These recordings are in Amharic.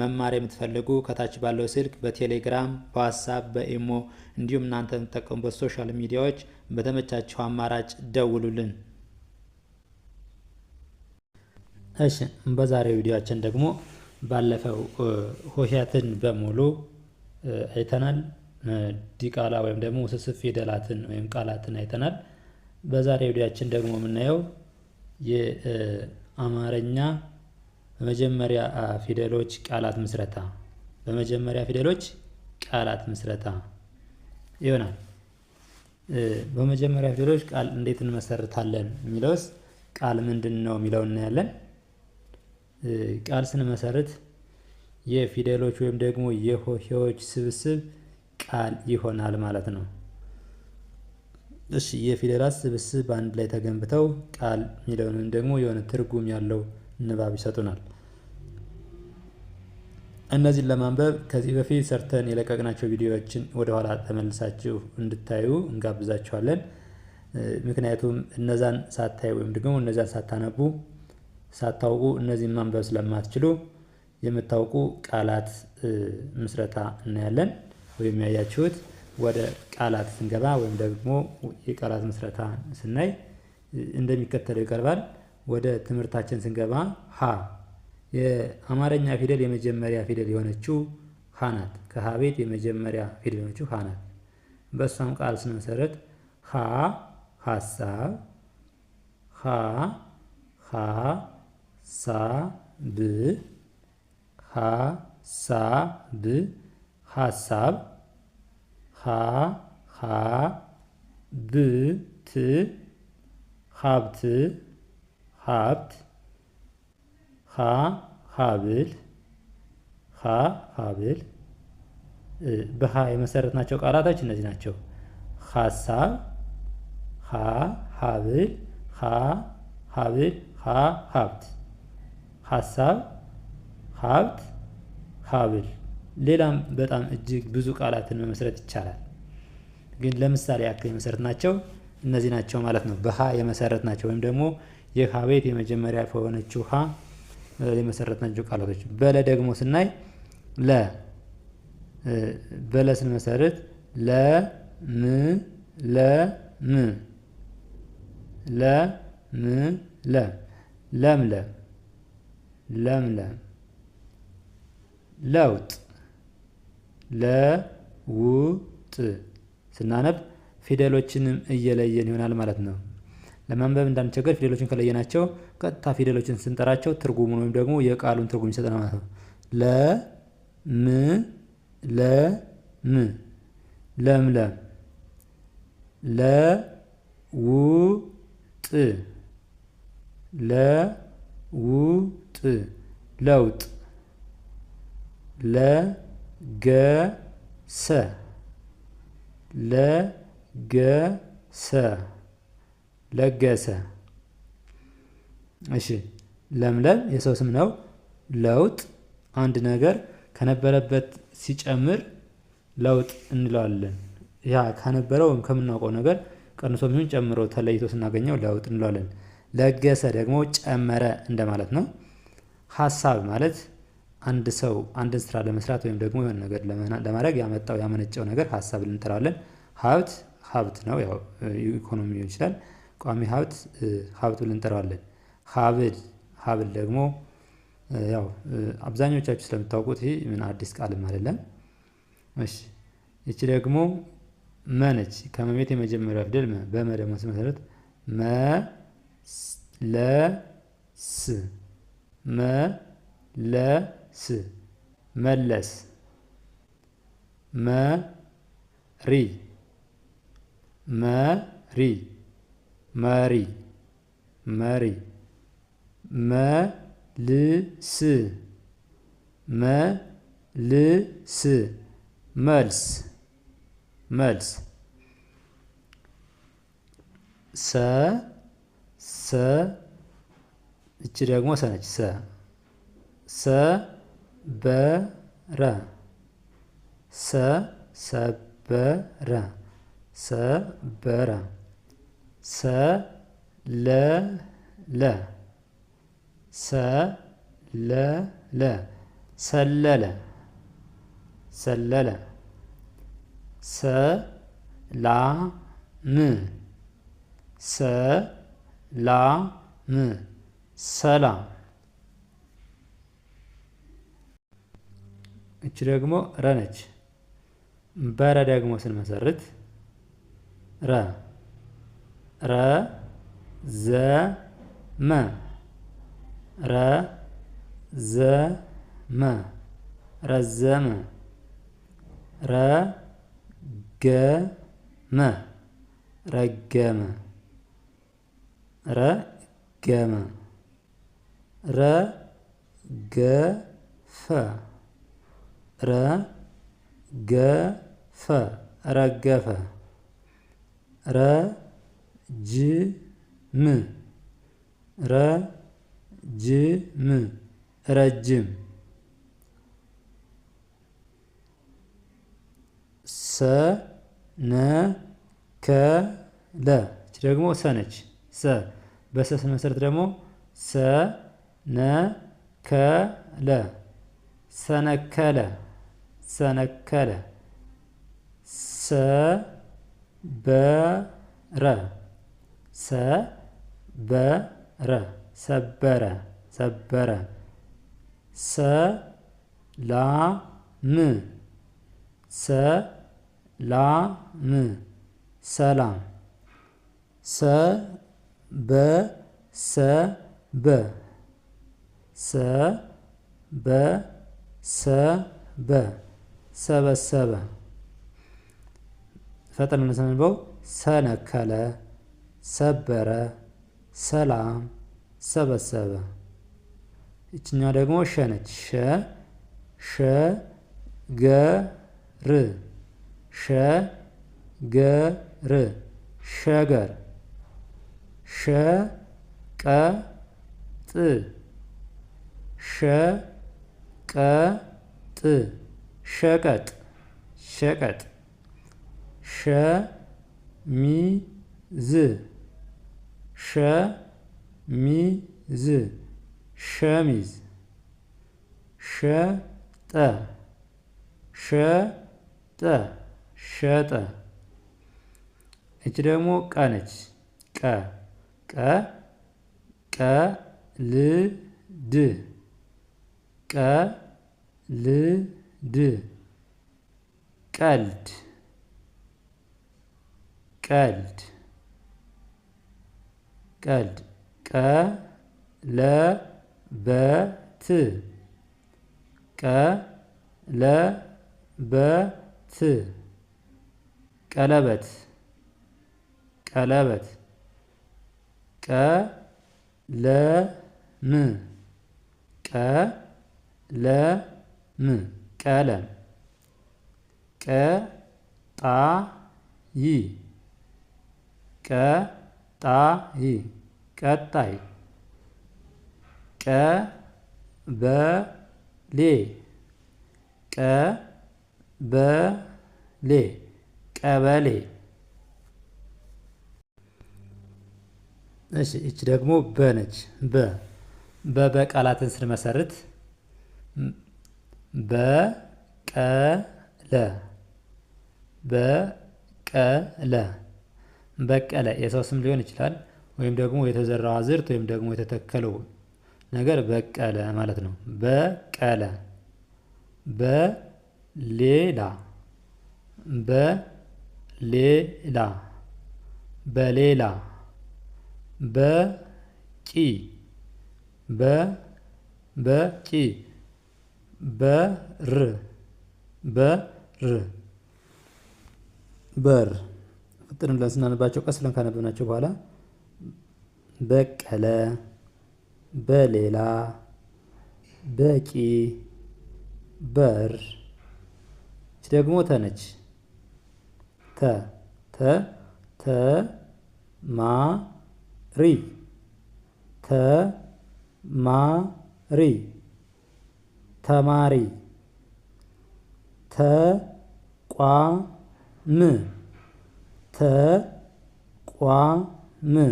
መማር የምትፈልጉ ከታች ባለው ስልክ በቴሌግራም በዋትሳፕ በኢሞ እንዲሁም እናንተ የምትጠቀሙበት ሶሻል ሚዲያዎች በተመቻቸው አማራጭ ደውሉልን። እሺ በዛሬው ቪዲዮአችን ደግሞ ባለፈው ሆሄያትን በሙሉ አይተናል። ዲቃላ ወይም ደግሞ ውስብስብ ፊደላትን ወይም ቃላትን አይተናል። በዛሬው ቪዲዮአችን ደግሞ የምናየው የአማርኛ በመጀመሪያ ፊደሎች ቃላት ምስረታ በመጀመሪያ ፊደሎች ቃላት ምስረታ ይሆናል። በመጀመሪያ ፊደሎች ቃል እንዴት እንመሰርታለን የሚለውስ ቃል ምንድን ነው የሚለው እናያለን። ቃል ስንመሰርት የፊደሎች ወይም ደግሞ የሆሄዎች ስብስብ ቃል ይሆናል ማለት ነው። እሺ የፊደላት ስብስብ በአንድ ላይ ተገንብተው ቃል የሚለውን ደግሞ የሆነ ትርጉም ያለው ንባብ ይሰጡናል። እነዚህን ለማንበብ ከዚህ በፊት ሰርተን የለቀቅናቸው ቪዲዮዎችን ወደኋላ ተመልሳችሁ እንድታዩ እንጋብዛችኋለን። ምክንያቱም እነዛን ሳታዩ ወይም ደግሞ እነዛን ሳታነቡ ሳታውቁ እነዚህን ማንበብ ስለማትችሉ የምታውቁ ቃላት ምስረታ እናያለን። ወይም ያያችሁት ወደ ቃላት ስንገባ ወይም ደግሞ የቃላት ምስረታ ስናይ እንደሚከተለው ይቀርባል። ወደ ትምህርታችን ስንገባ ሀ የአማርኛ ፊደል የመጀመሪያ ፊደል የሆነችው ሀ ናት። ከሀ ቤት የመጀመሪያ ፊደል የሆነችው ሀ ናት። በእሷም ቃል ስንመሰረት ሀ ሀሳብ፣ ሀ ሀ ሳ ብ ሀ ሳ ብ ሀሳብ ሀ ሀ ብ ት ሀብት ሀብት ሀ ሀብል ሀ ሀብል በሀ ናቸው ቃላቶች እነዚህ ናቸው። ሀሳብ ሀ ሀብል ሀ ሀብል ሀ ሀብት ሀሳብ ሀብት ሀብል ሌላም በጣም እጅግ ብዙ ቃላትን መመስረት ይቻላል። ግን ለምሳሌ ያክል የመሰረት ናቸው እነዚህ ናቸው ማለት ነው። በሀ የመሰረት ናቸው ወይም ደግሞ የሃ ቤት የመጀመሪያ ከሆነችው ሃ የመሰረትናቸው ቃላቶች። በለ ደግሞ ስናይ ለ በለ ስንመሰርት ለ ም ለ ም ለ ም ለ ለምለም ለምለም ለውጥ ለውጥ ስናነብ ፊደሎችንም እየለየን ይሆናል ማለት ነው። ለማንበብ እንዳንቸገር ፊደሎችን ከለየናቸው ቀጥታ ፊደሎችን ስንጠራቸው ትርጉሙን ወይም ደግሞ የቃሉን ትርጉም ይሰጠናል ማለት ነው። ለ ም ለ ም ለምለም ለ ው ጥ ለ ው ጥ ለውጥ ለ ገ ሰ ለ ገ ሰ ለገሰ። እሺ ለምለም የሰው ስም ነው። ለውጥ አንድ ነገር ከነበረበት ሲጨምር ለውጥ እንለዋለን። ያ ከነበረው ወይም ከምናውቀው ነገር ቀንሶ ሚሆን ጨምሮ ተለይቶ ስናገኘው ለውጥ እንለዋለን። ለገሰ ደግሞ ጨመረ እንደማለት ነው። ሀሳብ ማለት አንድ ሰው አንድን ስራ ለመስራት ወይም ደግሞ የሆነ ነገር ለማድረግ ያመጣው ያመነጨው ነገር ሀሳብ ልንጠራለን። ሀብት ሀብት ነው፣ ያው ኢኮኖሚ ይችላል። ቋሚ ሀብት ሀብት ብለን እንጠራዋለን። ሀብል ሀብል ደግሞ ያው አብዛኞቻችሁ ስለምታውቁት ይ ምን አዲስ ቃልም አይደለም። እሺ ይቺ ደግሞ መነች ከመቤት የመጀመሪያ ፊደል መ በመ ደግሞ ስመሰረት መ ለ ስ መ ለ ስ መለስ መሪ መሪ መሪ መሪ መልስ መልስ መልስ መልስ ሰ ሰ እቺ ደግሞ ሰነች ሰ ሰ በረ ሰ ሰበረ ሰበረ ሰ ለ ለ ሰ ለ ለ ሰለለ ሰለለ ሰ ላ ም ሰ ላ ም ሰላም። እች ደግሞ ረነች በረ ደግሞ ስንመሰርት ረ رزم رزم رزم رجم رجم رجم رجف رجف رجف رجف ጅም ረጅም ረጅም ሰነከለ ይች ደግሞ ሰነች ሰ በሰ መሰረት ደግሞ ሰነከለ ሰነከለ ሰነከለ ሰበረ ሰበረ ሰበረ ሰበረ ሰላም ሰላም ሰላም ሰበሰበ ሰበሰበ ሰበሰበ ፈጠን የምንሰንበው ሰነከለ ሰበረ፣ ሰላም፣ ሰበሰበ። ይችኛዋ ደግሞ ሸ ነች። ሸ ሸ ገ ር ሸ ገ ር ሸገር ሸ ቀ ጥ ሸ ቀ ጥ ሸቀጥ ሸቀጥ ሸ ሚ ዝ ሸሚዝ ሸሚዝ ሸጠ ሸጠ ሸጠ እች ደግሞ ቀ ነች። ቀ ቀ ቀልድ ቀልድ ቀልድ ቀልድ ቀልድ ቀለበት ቀለበት ቀለበት ቀለበት ቀለም ቀለም ቀለም ቀጣይ ቀጣይ ቀጣይ ቀበሌ ቀበሌ ቀበሌ። እሺ እች ደግሞ በነች በ በበቃላትን ስንመሰርት በቀለ በቀለ በቀለ የሰው ስም ሊሆን ይችላል። ወይም ደግሞ የተዘራው አዝርት ወይም ደግሞ የተተከለው ነገር በቀለ ማለት ነው። በቀለ በሌላ በሌላ በሌላ በቂ በ በቂ በር በር በር ፍጥን ብለን ስናነባቸው ቀስ ብለን ካነበብናቸው በኋላ በቀለ በሌላ በቂ በር ይች ደግሞ ተነች ተ ተ ተ ማ ሪ ተ ማ ሪ ተማሪ ቋ ም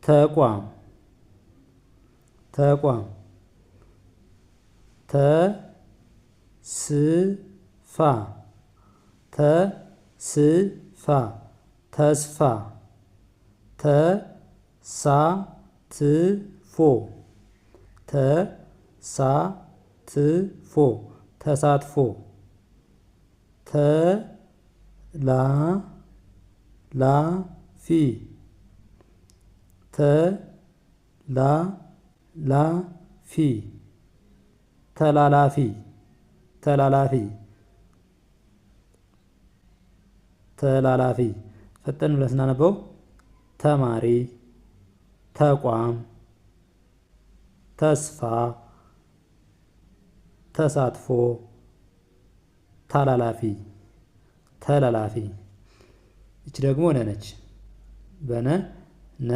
推广。推广。特执法，特执法，特执法，特啥执法，特啥执法，特啥执法，特啦啦西。ተላላፊ ተላላፊ ተላላፊ ተላላፊ ፈጠን ብለን ስናነበው ተማሪ ተቋም ተስፋ ተሳትፎ ተላላፊ ተላላፊ ይች ደግሞ ነነች በነ ነ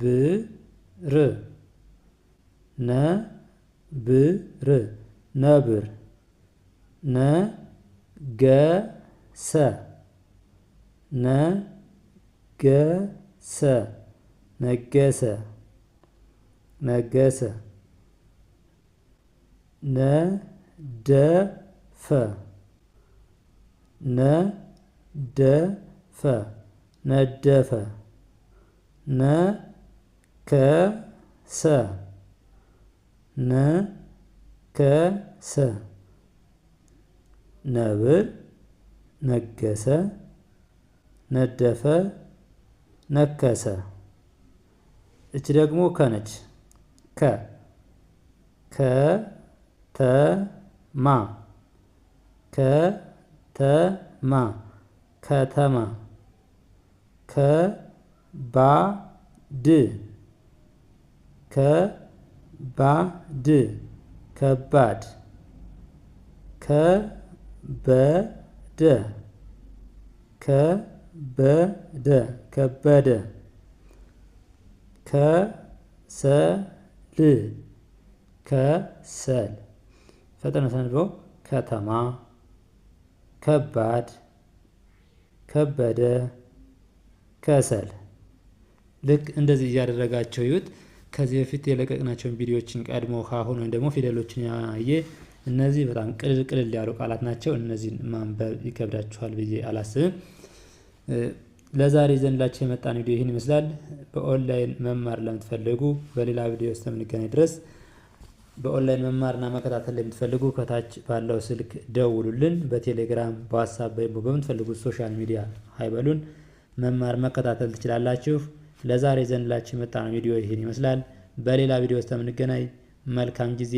ብር ነ ነብር ነብር ነገሰ ነገሰ ነገሰ ነገሰ ነደፈ ነደፈ ነደፈ ነ ከሰ ነከሰ ነብር ነገሰ ነደፈ ነከሰ እች ደግሞ ከነች ከ ከተማ ከተማ ከተማ ከባድ ከባድ ከባድ ከበደ ከበደ ከበደ ከሰል ከሰል ፈጠነ ሰንድበው ከተማ ከባድ ከበደ ከሰል ልክ እንደዚህ እያደረጋቸው ይዩት። ከዚህ በፊት የለቀቅናቸውን ቪዲዮዎችን ቀድሞ ካሁን ወይም ደግሞ ፊደሎችን ያየ እነዚህ በጣም ቅልል ቅልል ያሉ ቃላት ናቸው። እነዚህን ማንበብ ይከብዳችኋል ብዬ አላስብም። ለዛሬ ዘንላቸው የመጣን ቪዲዮ ይህን ይመስላል። በኦንላይን መማር ለምትፈልጉ በሌላ ቪዲዮ ውስጥ የምንገናኝ ድረስ በኦንላይን መማርና መከታተል የምትፈልጉ ከታች ባለው ስልክ ደውሉልን። በቴሌግራም በዋትሳፕ ወይም በምትፈልጉት ሶሻል ሚዲያ አይበሉን መማር መከታተል ትችላላችሁ። ለዛሬ ዘንላችሁ የመጣ ነው ቪዲዮ ይህን ይመስላል። በሌላ ቪዲዮ እስከምንገናኝ መልካም ጊዜ፣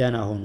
ደህና ሆኑ።